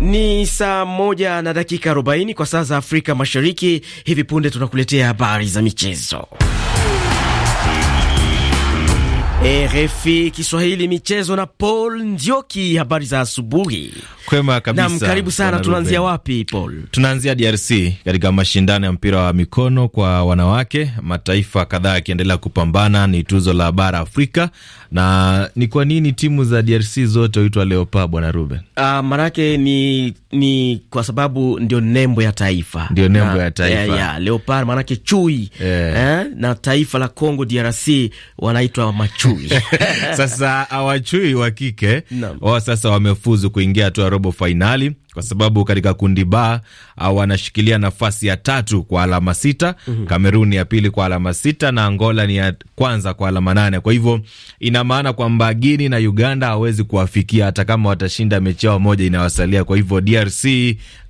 Ni saa moja na dakika 40 kwa saa za Afrika Mashariki. Hivi punde tunakuletea habari za michezo. RFI Kiswahili michezo na Paul Ndioki, habari za asubuhi. Kwema kabisa. Naam, karibu sana. Tunaanzia wapi Paul? Tunaanzia DRC katika mashindano ya mpira wa mikono kwa wanawake, mataifa kadhaa yakiendelea kupambana, ni tuzo la bara Afrika. Na ni kwa nini timu za DRC zote huitwa Leopard, bwana Ruben? Ah, manake ni ni kwa sababu ndio nembo ya taifa. Ndio nembo ya taifa. Ya, ya, Leopard manake chui. yeah. Eh, na taifa la Kongo DRC wanaitwa machu hawajui sasa awachui wa kike wao sasa wamefuzu kuingia hatua ya robo fainali kwa sababu katika kundi ba uh, wanashikilia nafasi ya tatu kwa alama sita mm -hmm. Kamerun ya pili kwa alama sita na Angola ni ya kwanza kwa alama nane. Kwa hivyo ina maana kwamba Guini na Uganda hawezi kuwafikia hata kama watashinda mechi yao moja inayosalia. Kwa hivyo DRC,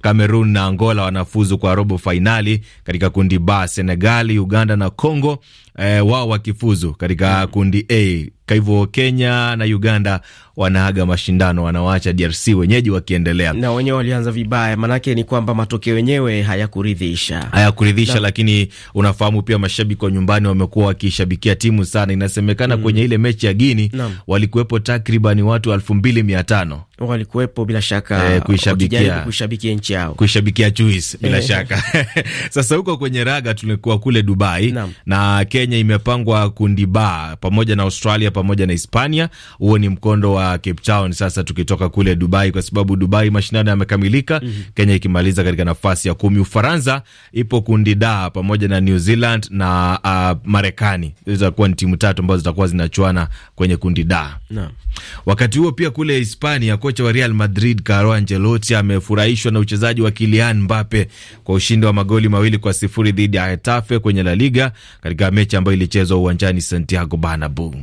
Kamerun na Angola wanafuzu kwa robo fainali katika kundi ba, Senegali, Uganda na Congo eh, wao wakifuzu katika mhm. kundi A kwa hivyo Kenya na Uganda wanaaga mashindano, wanawaacha DRC wenyeji wakiendelea, na wenyewe walianza vibaya. Maanake ni kwamba matokeo yenyewe hayakuridhisha, hayakuridhisha na... Lakini unafahamu pia mashabiki wa nyumbani wamekuwa wakishabikia timu sana. Inasemekana mm, kwenye ile mechi ya Gini walikuwepo takriban watu elfu mbili mia tano walikuwepo bila shaka, e, kuishabikia kuishabikia nchi yao, kuishabikia Chuis bila e. shaka. Sasa huko kwenye raga tulikuwa kule Dubai na, na Kenya imepangwa kundi ba pamoja na Australia pamoja na Hispania. Huo ni mkondo wa Cape Town. Sasa tukitoka kule Dubai, kwa sababu Dubai mashindano yamekamilika, mm -hmm. Kenya ikimaliza katika nafasi ya kumi. Ufaransa ipo kundi da pamoja na New Zealand na uh, Marekani. Hizo Zitakuwa ni timu tatu ambazo zitakuwa zinachuana kwenye kundi da. No. Wakati huo pia kule Hispania, kocha wa Real Madrid Carlo Ancelotti amefurahishwa na uchezaji wa Kylian Mbappe kwa ushindi wa magoli mawili kwa sifuri dhidi ya Hetafe kwenye La Liga katika mechi ambayo ilichezwa uwanjani Santiago Bernabeu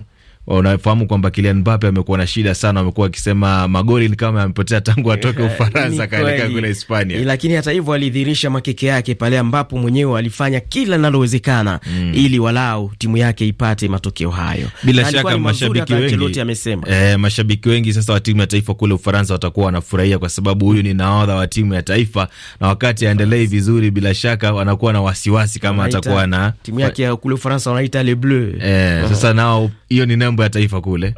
unafahamu kwamba Kylian Mbappe amekuwa na shida sana, amekuwa akisema magoli ni kama amepotea tangu atoke Ufaransa kaelekea kule Hispania, eh, lakini hata hivyo alidhihirisha makeke yake pale ambapo mwenyewe alifanya kila linalowezekana mm. ili walau timu yake ipate matokeo hayo. Bila shaka mashabiki wengi amesema eh, mashabiki wengi sasa wa timu ya taifa kule Ufaransa watakuwa wanafurahia kwa sababu huyu ni nahodha wa timu ya taifa, na wakati aendelei vizuri, bila shaka wanakuwa na wasiwasi kama atakuwa na timu yake kule Ufaransa wanaita le bleu eh, sasa nao hiyo ni mambo ya taifa kule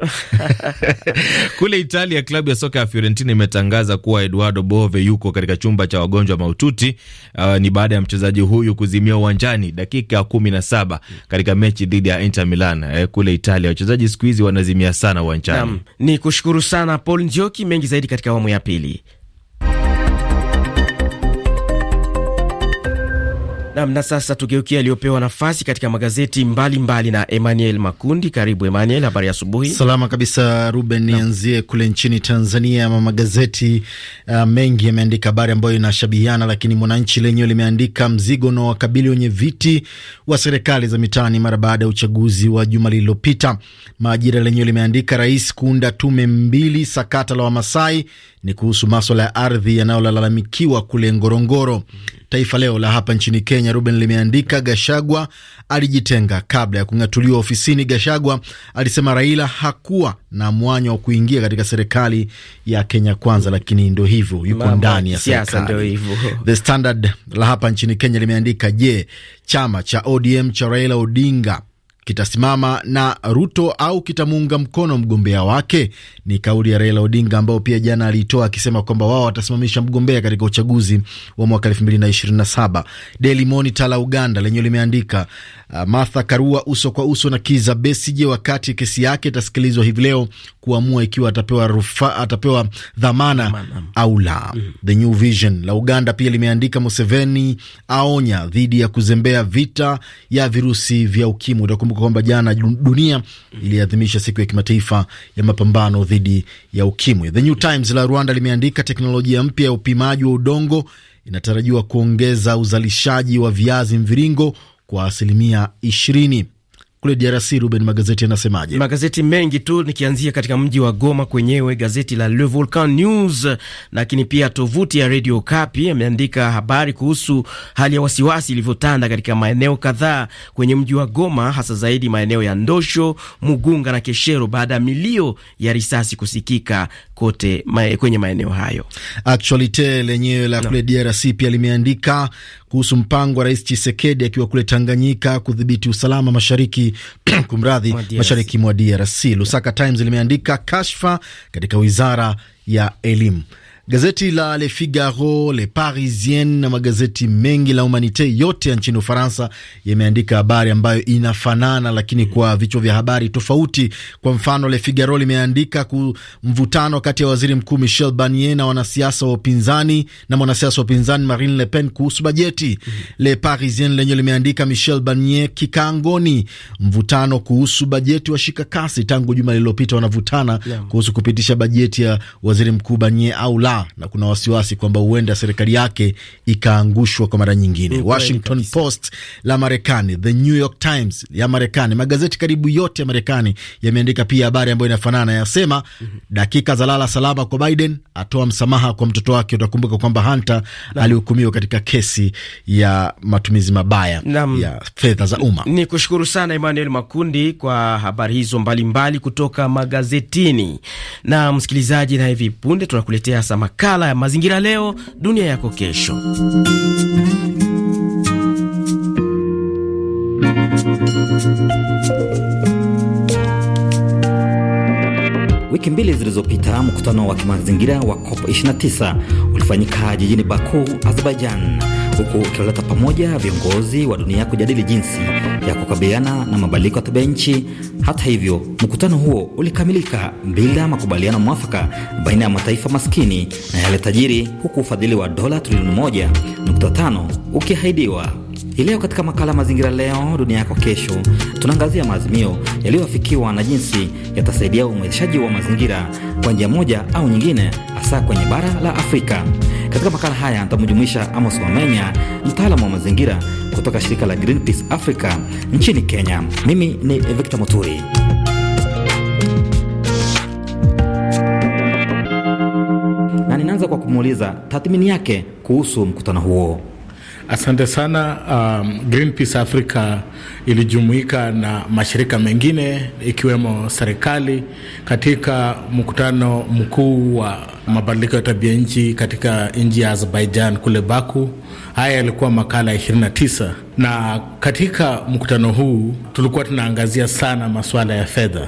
kule Italia, klabu ya soka ya Fiorentina imetangaza kuwa Eduardo Bove yuko katika chumba cha wagonjwa mahututi. Uh, ni baada ya mchezaji huyu kuzimia uwanjani dakika kumi na saba katika mechi dhidi ya Inter Milan. Eh, kule Italia wachezaji siku hizi wanazimia sana uwanjani. Ni kushukuru sana Paul Njoki, mengi zaidi katika awamu ya pili. Nam, na sasa tugeukia aliyopewa nafasi katika magazeti mbalimbali mbali na Emmanuel Makundi. Karibu Emmanuel, habari asubuhi. Salama kabisa Ruben, nianzie kule nchini Tanzania. Magazeti uh, mengi yameandika habari ambayo inashabihiana, lakini Mwananchi lenyewe limeandika mzigo wakabili wenye viti wa serikali za mitaani mara baada ya uchaguzi wa juma lililopita. maajira lenyewe limeandika rais kuunda tume mbili, sakata la Wamasai ni kuhusu maswala ya ardhi yanayolalamikiwa kule Ngorongoro. Taifa Leo la hapa nchini Kenya, Ruben, limeandika Gashagwa alijitenga. Kabla ya kung'atuliwa ofisini, Gashagwa alisema Raila hakuwa na mwanya wa kuingia katika serikali ya Kenya Kwanza, lakini ndo hivyo, yuko ndani ya serikali. The Standard la hapa nchini Kenya limeandika je, chama cha ODM cha Raila Odinga kitasimama na Ruto au kitamuunga mkono mgombea wake. Ni kauli ya Raila Odinga ambao pia jana aliitoa akisema kwamba wao watasimamisha mgombea katika uchaguzi wa mwaka 227 Daily Monitor la Uganda lenyewe limeandika Uh, Martha Karua uso kwa uso na Kiza Besije wakati kesi yake itasikilizwa hivi leo kuamua ikiwa atapewa rufa, atapewa dhamana au la. Mm-hmm. The New Vision la Uganda pia limeandika Museveni aonya dhidi ya kuzembea vita ya virusi vya ukimwi. Utakumbuka kwamba jana dunia iliadhimisha siku ya kimataifa ya mapambano dhidi ya ukimwi. The New Times la Rwanda limeandika teknolojia mpya ya upimaji wa udongo inatarajiwa kuongeza uzalishaji wa viazi mviringo kwa asilimia 20. Kule DRC, Ruben, magazeti yanasemaje? Magazeti mengi tu, nikianzia katika mji wa Goma kwenyewe, gazeti la Le Volcan News, lakini pia tovuti ya Radio Kapi ameandika habari kuhusu hali ya wasiwasi ilivyotanda katika maeneo kadhaa kwenye mji wa Goma, hasa zaidi maeneo ya Ndosho, Mugunga na Keshero baada ya milio ya risasi kusikika kote mae, kwenye maeneo hayo. Actualite lenyewe la kule no. DRC pia limeandika kuhusu mpango wa Rais Chisekedi akiwa kule Tanganyika kudhibiti usalama mashariki kumradhi, mashariki mwa DRC. Lusaka Times limeandika kashfa katika wizara ya elimu. Gazeti la Le Figaro, Le Parisien na magazeti mengi la Humanite yote ya nchini Ufaransa yameandika habari ambayo inafanana, lakini kwa vichwa vya habari tofauti. Kwa mfano, Le Figaro limeandika mvutano kati ya waziri mkuu Michel Barnier na wanasiasa wa upinzani na mwanasiasa wa upinzani Marine Le Pen kuhusu bajeti. mm -hmm. Le Parisien lenyewe limeandika Michel Barnier kikangoni, mvutano kuhusu bajeti shika kasi, tangu juma lililopita wanavutana yeah. kuhusu kupitisha bajeti ya waziri mkuu Barnier au la kadhaa na kuna wasiwasi kwamba huenda serikali yake ikaangushwa kwa mara nyingine. Washington kabisa. Post la Marekani, The New York Times ya Marekani, magazeti karibu yote ya Marekani yameandika pia habari ambayo inafanana, yasema mm -hmm. dakika za lala salama kwa Biden, atoa msamaha kwa mtoto wake. Utakumbuka kwamba Hunter alihukumiwa katika kesi ya matumizi mabaya Lam. ya fedha za umma. Ni kushukuru sana Emmanuel Makundi kwa habari hizo mbalimbali mbali kutoka magazetini na msikilizaji, na hivi punde tunakuletea sama makala ya mazingira, leo dunia yako kesho. Wiki mbili zilizopita mkutano wa kimazingira wa COP 29 ulifanyika jijini Baku, Azerbaijan, huku ukiwaleta pamoja viongozi wa dunia kujadili jinsi ya kukabiliana na mabadiliko ya tabia nchi. Hata hivyo, mkutano huo ulikamilika bila makubaliano mwafaka baina ya mataifa maskini na yale tajiri, huku ufadhili wa dola trilioni moja nukta tano ukihaidiwa. Hii leo katika makala Mazingira Leo Dunia Yako Kesho, tunaangazia maazimio yaliyoafikiwa na jinsi yatasaidia umwezeshaji wa mazingira kwa njia moja au nyingine, hasa kwenye bara la Afrika. Katika makala haya nitamjumuisha Amos Wamenya, mtaalamu wa mazingira kutoka shirika la Greenpeace Africa nchini Kenya. Mimi ni Victor Muturi. Na ninaanza kwa kumuuliza tathmini yake kuhusu mkutano huo. Asante sana. Um, Greenpeace Africa ilijumuika na mashirika mengine ikiwemo serikali katika mkutano mkuu wa mabadiliko ya tabia nchi katika nchi ya Azerbaijan kule Baku. Haya yalikuwa makala ya 29 na katika mkutano huu tulikuwa tunaangazia sana masuala ya fedha.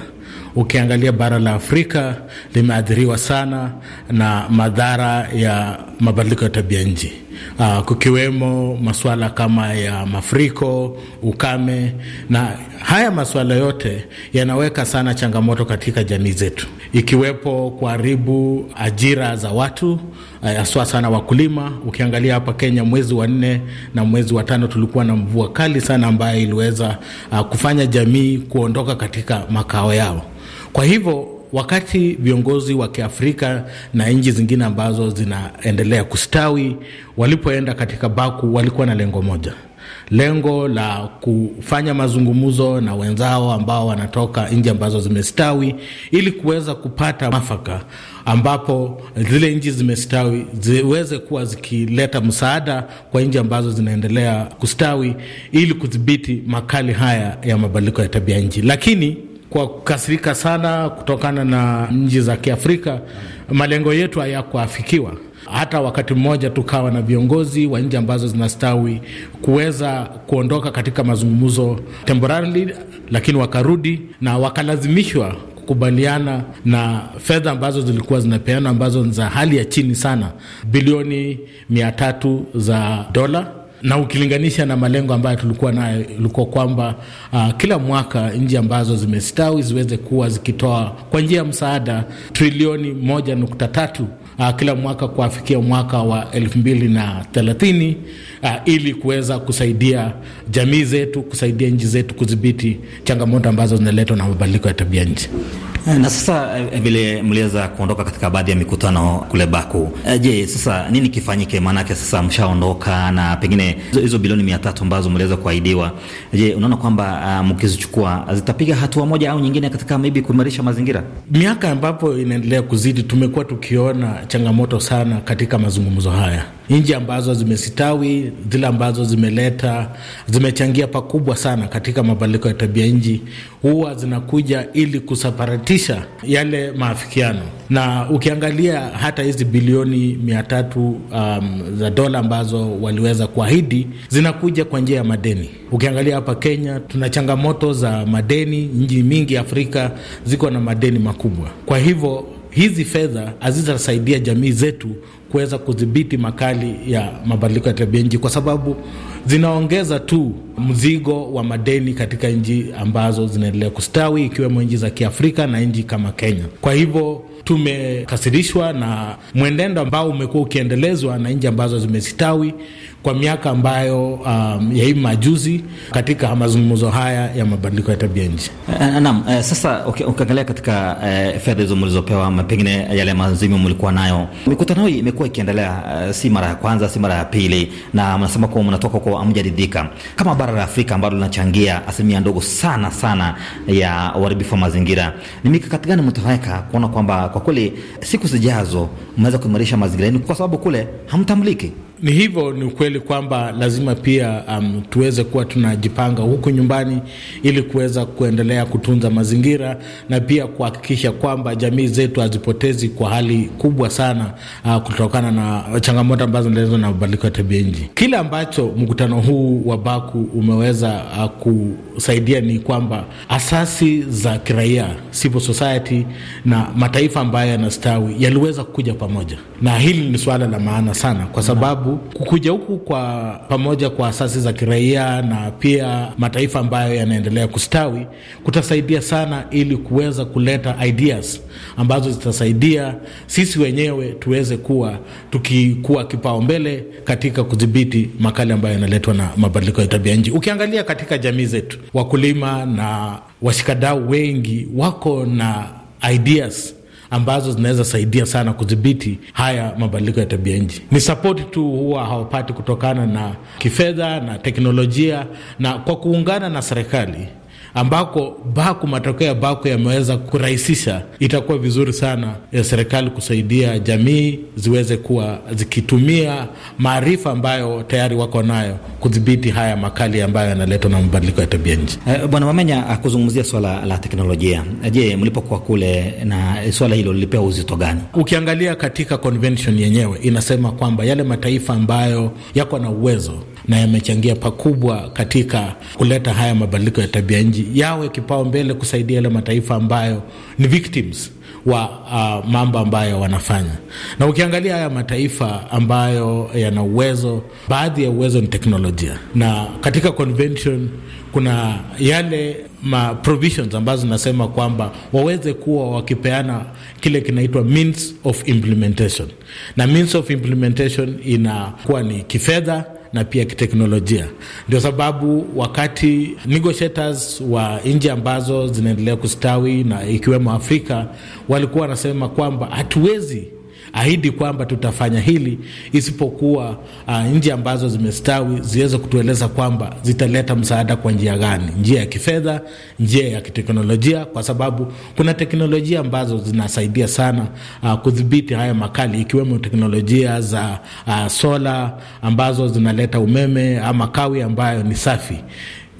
Ukiangalia bara la Afrika limeathiriwa sana na madhara ya mabadiliko ya tabia nchi uh, kukiwemo masuala kama ya mafuriko, ukame, na haya masuala yote yanaweka sana changamoto katika jamii zetu, ikiwepo kuharibu ajira za watu eh, haswa uh, sana wakulima. Ukiangalia hapa Kenya, mwezi wa nne na mwezi wa tano tulikuwa na mvua kali sana ambayo iliweza uh, kufanya jamii kuondoka katika makao yao, kwa hivyo wakati viongozi wa Kiafrika na nchi zingine ambazo zinaendelea kustawi walipoenda katika Baku walikuwa na lengo moja, lengo la kufanya mazungumzo na wenzao ambao wanatoka nchi ambazo zimestawi ili kuweza kupata mafaka ambapo zile nchi zimestawi ziweze kuwa zikileta msaada kwa nchi ambazo zinaendelea kustawi ili kudhibiti makali haya ya mabadiliko ya tabia nchi, lakini kwa kukasirika sana kutokana na nchi za Kiafrika, malengo yetu hayakuafikiwa. Hata wakati mmoja tukawa na viongozi wa nchi ambazo zinastawi kuweza kuondoka katika mazungumzo temporarily, lakini wakarudi na wakalazimishwa kukubaliana na fedha ambazo zilikuwa zinapeana ambazo ni za hali ya chini sana, bilioni mia tatu za dola na ukilinganisha na malengo ambayo tulikuwa nayo ilikuwa kwamba uh, kila mwaka nchi ambazo zimestawi ziweze kuwa zikitoa kwa njia ya msaada trilioni moja nukta tatu uh, kila mwaka kuafikia mwaka wa elfu mbili na thelathini uh, ili kuweza kusaidia jamii zetu, kusaidia nchi zetu kudhibiti changamoto ambazo zinaletwa na mabadiliko ya tabia nchi. Eh, na sasa eh, eh, vile mliweza kuondoka katika baadhi ya mikutano kule Baku, je, sasa nini kifanyike? Maanake sasa mshaondoka na pengine hizo bilioni mia tatu ambazo mliweza kuahidiwa, je, unaona kwamba ah, mkizichukua zitapiga hatua moja au nyingine katika maybe kuimarisha mazingira? Miaka ambapo inaendelea kuzidi, tumekuwa tukiona changamoto sana katika mazungumzo haya nchi ambazo zimesitawi, zile ambazo zimeleta zimechangia pakubwa sana katika mabadiliko ya tabia nchi huwa zinakuja ili kusaparati kupitisha yale maafikiano, na ukiangalia hata hizi bilioni mia tatu um, za dola ambazo waliweza kuahidi zinakuja kwa njia ya madeni. Ukiangalia hapa Kenya tuna changamoto za madeni, nchi mingi Afrika ziko na madeni makubwa, kwa hivyo hizi fedha hazitasaidia jamii zetu kuweza kudhibiti makali ya mabadiliko ya tabia nchi, kwa sababu zinaongeza tu mzigo wa madeni katika nchi ambazo zinaendelea kustawi ikiwemo nchi za Kiafrika na nchi kama Kenya. Kwa hivyo tumekasirishwa na mwenendo ambao umekuwa ukiendelezwa na nchi ambazo zimestawi kwa miaka ambayo um, ya hivi majuzi katika mazungumzo haya ya mabadiliko ya tabia nchi. Eh, eh, naam, uh, sasa ukiangalia katika uh, fedha hizo mlizopewa, pengine yale maazimio mlikuwa nayo, mikutano hii imekuwa ikiendelea, uh, si mara ya kwanza, si mara ya pili, na mnasema kuwa mnatoka kwa amjaridhika kama bara la Afrika ambalo linachangia asilimia ndogo sana sana ya uharibifu wa mazingira. Ni mikakati gani mtaweka kuona kwamba kwa kweli siku zijazo mnaweza kuimarisha mazingira yenu, kwa sababu kule hamtamliki? Ni hivyo, ni ukweli kwamba lazima pia um, tuweze kuwa tunajipanga huku nyumbani ili kuweza kuendelea kutunza mazingira na pia kuhakikisha kwamba jamii zetu hazipotezi kwa hali kubwa sana uh, kutokana na changamoto ambazo zinaletwa na mabadiliko ya tabia nchi. Kile ambacho mkutano huu wa Baku umeweza uh, kusaidia ni kwamba asasi za kiraia civil society na mataifa ambayo yanastawi yaliweza kuja pamoja, na hili ni suala la maana sana kwa sababu sababu kukuja huku kwa pamoja kwa asasi za kiraia na pia mataifa ambayo yanaendelea kustawi kutasaidia sana, ili kuweza kuleta ideas ambazo zitasaidia sisi wenyewe tuweze kuwa tukikuwa mbele katika kudhibiti makali ambayo yanaletwa na mabadiliko ya tabia nchi. Ukiangalia katika jamii zetu, wakulima na washikadau wengi wako na ideas ambazo zinaweza saidia sana kudhibiti haya mabadiliko ya tabia nchi. Ni sapoti tu huwa hawapati kutokana na kifedha na teknolojia, na kwa kuungana na serikali ambako Baku, matokeo ya Baku yameweza kurahisisha, itakuwa vizuri sana ya serikali kusaidia jamii ziweze kuwa zikitumia maarifa ambayo tayari wako nayo kudhibiti haya makali ambayo yanaletwa na mabadiliko ya tabia nchi. Eh, Bwana Mamenya akuzungumzia swala la teknolojia. Je, mlipokuwa kule na swala hilo lilipewa uzito gani? Ukiangalia katika convention yenyewe inasema kwamba yale mataifa ambayo yako na uwezo na yamechangia pakubwa katika kuleta haya mabadiliko ya tabia nchi, yawe kipao mbele kusaidia yale mataifa ambayo ni victims wa uh, mambo ambayo wanafanya. Na ukiangalia haya mataifa ambayo yana uwezo, baadhi ya uwezo ni teknolojia, na katika convention kuna yale ma provisions ambazo zinasema kwamba waweze kuwa wakipeana kile kinaitwa means of implementation, na means of implementation inakuwa ni kifedha na pia kiteknolojia. Ndio sababu wakati negotiators wa nchi ambazo zinaendelea kustawi na ikiwemo Afrika walikuwa wanasema kwamba hatuwezi ahidi kwamba tutafanya hili, isipokuwa uh, nchi ambazo zimestawi ziweze kutueleza kwamba zitaleta msaada kwa njia gani, njia ya kifedha, njia ya kiteknolojia, kwa sababu kuna teknolojia ambazo zinasaidia sana uh, kudhibiti haya makali, ikiwemo teknolojia za uh, sola ambazo zinaleta umeme ama kawi ambayo ni safi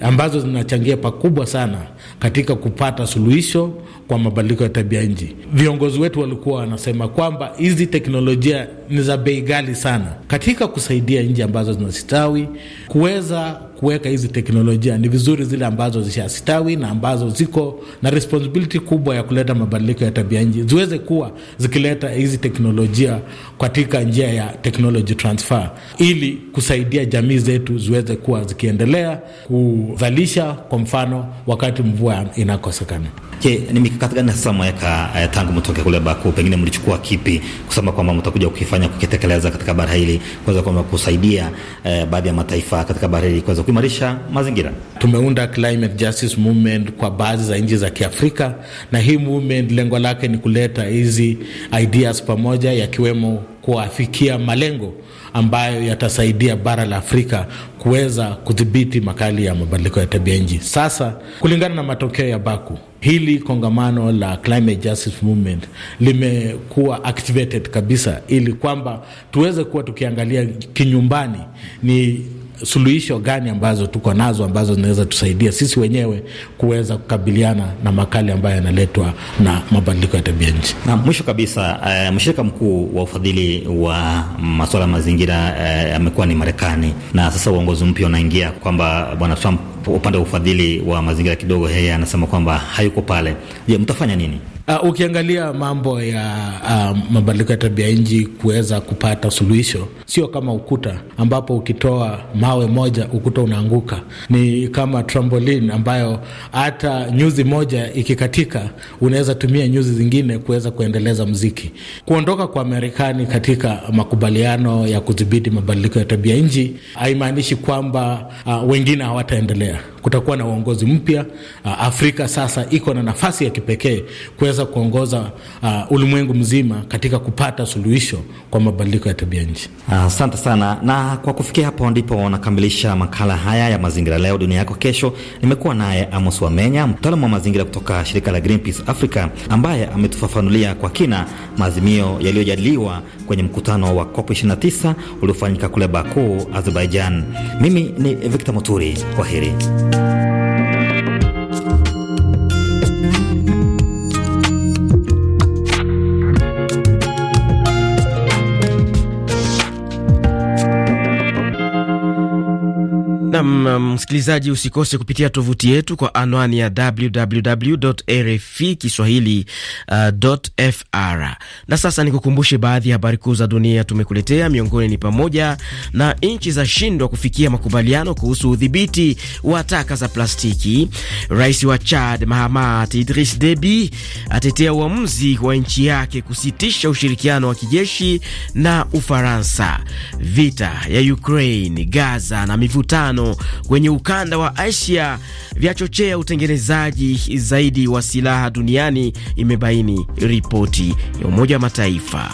ambazo zinachangia pakubwa sana katika kupata suluhisho kwa mabadiliko ya tabia nchi. Viongozi wetu walikuwa wanasema kwamba hizi teknolojia ni za bei ghali sana. Katika kusaidia nchi ambazo zinastawi kuweza kuweka hizi teknolojia, ni vizuri zile ambazo zishastawi na ambazo ziko na responsibility kubwa ya kuleta mabadiliko ya tabia nchi ziweze kuwa zikileta hizi teknolojia katika njia ya technology transfer, ili kusaidia jamii zetu ziweze kuwa zikiendelea kuzalisha, kwa mfano wakati mvua inakosekana. Je, ni mikakati gani hasa mwaweka eh, tangu mtoke kule Baku? Pengine mlichukua kipi kusema kwamba mtakuja kukifanya kukitekeleza katika bara hili, kuweza kwamba kusaidia eh, baadhi ya mataifa katika bara hili kuweza kuimarisha mazingira? Tumeunda Climate Justice Movement kwa baadhi za nchi za Kiafrika, na hii movement lengo lake ni kuleta hizi ideas pamoja, yakiwemo kuafikia malengo ambayo yatasaidia bara la Afrika kuweza kudhibiti makali ya mabadiliko ya tabia nchi. Sasa, kulingana na matokeo ya Baku, hili kongamano la Climate Justice Movement limekuwa activated kabisa, ili kwamba tuweze kuwa tukiangalia kinyumbani ni suluhisho gani ambazo tuko nazo ambazo zinaweza tusaidia sisi wenyewe kuweza kukabiliana na makali ambayo yanaletwa na mabadiliko ya tabia nchi. Na mwisho kabisa, uh, mshirika mkuu wa ufadhili wa masuala ya mazingira eh, amekuwa ni Marekani, na sasa uongozi mpya unaingia kwamba bwana Trump upande wa ufadhili wa mazingira kidogo, yeye anasema kwamba hayuko pale. Je, mtafanya nini? Uh, ukiangalia mambo ya uh, mabadiliko ya tabia nchi kuweza kupata suluhisho, sio kama ukuta ambapo ukitoa mawe moja ukuta unaanguka. Ni kama trampoline ambayo hata nyuzi moja ikikatika, unaweza tumia nyuzi zingine kuweza kuendeleza mziki. Kuondoka kwa Marekani katika makubaliano ya kudhibiti mabadiliko ya tabia nchi haimaanishi kwamba uh, wengine hawataendelea later. kutakuwa na uongozi mpya. Ah, Afrika sasa iko na nafasi ya kipekee kuweza kuongoza uh, ulimwengu mzima katika kupata suluhisho kwa mabadiliko ya tabia nchi. Asante uh, sana. Na kwa kufikia hapo ndipo nakamilisha makala haya ya mazingira leo dunia yako kesho. Nimekuwa naye Amos Wamenya, mtaalamu wa mazingira kutoka shirika la Greenpeace Africa, ambaye ametufafanulia kwa kina maazimio yaliyojadiliwa kwenye mkutano wa COP 29 uliofanyika kule Baku, Azerbaijan. Mimi ni Victor Moturi, kwaheri. Thank you. Nam um, msikilizaji, usikose kupitia tovuti yetu kwa anwani ya www rf Kiswahili uh, fr. Na sasa nikukumbushe baadhi ya habari kuu za dunia tumekuletea, miongoni ni pamoja na nchi za shindwa kufikia makubaliano kuhusu udhibiti wa taka za plastiki. Rais wa Chad Mahamat Idris Deby atetea uamuzi wa nchi yake kusitisha ushirikiano wa kijeshi na Ufaransa. Vita ya Ukraine, Gaza na mivutano kwenye ukanda wa Asia vyachochea utengenezaji zaidi wa silaha duniani, imebaini ripoti ya Umoja wa Mataifa.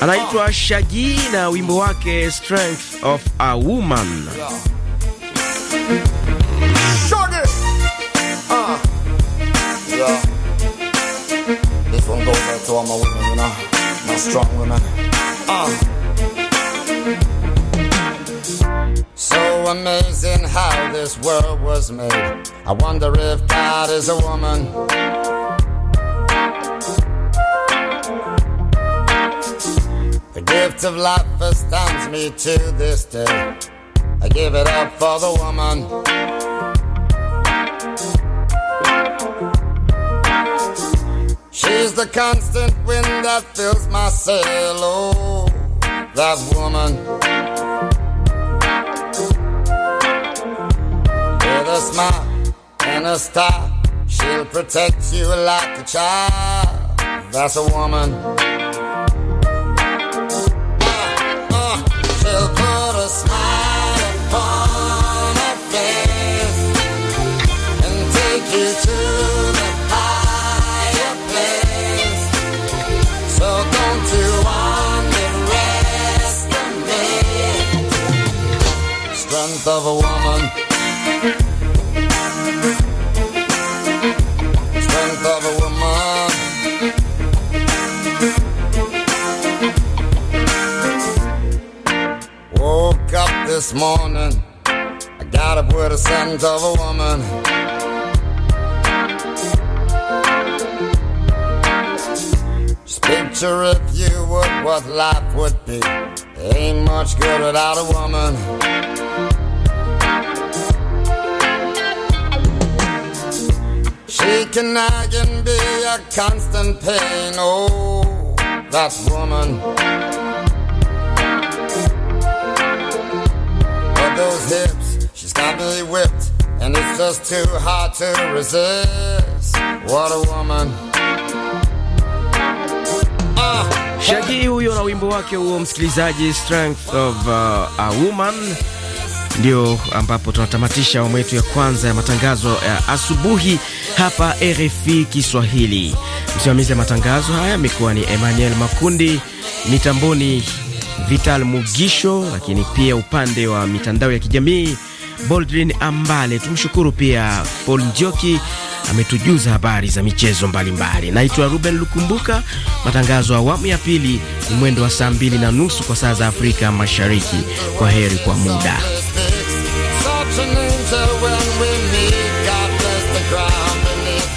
Anaitwa Shaji na wimbo wake Strength of a Woman. to all my women, you know, my strong women. Uh. So amazing how this world was made. I wonder if God is a woman. The gift of life astounds me to this day. I give it up for the woman. She's the constant wind that fills my sail. Oh, that woman. With a smile and a star, she'll protect you like a child. That's a woman. of a woman. Strength of a woman. Woke up this morning. I got up with a sense of a woman. Just picture if you would what life would be. Ain't much good without a woman. Speaking I can be a constant pain. Oh, that woman. But those hips, she's got me whipped. And it's just too hard to resist. What a woman. Uh, Shaggy huyo na wimbo wake huo, msikilizaji, Strength of uh, a Woman ndio ambapo tunatamatisha awamu yetu ya kwanza ya matangazo ya asubuhi hapa RFI Kiswahili. Msimamizi ya matangazo haya amekuwa ni Emmanuel Makundi, mitamboni Vital Mugisho, lakini pia upande wa mitandao ya kijamii Boldrin Ambale. Tumshukuru pia Paul Njoki ametujuza habari za michezo mbalimbali. Naitwa Ruben Lukumbuka. Matangazo awamu ya pili ni mwendo wa saa mbili na nusu kwa saa za Afrika Mashariki. Kwa heri kwa muda.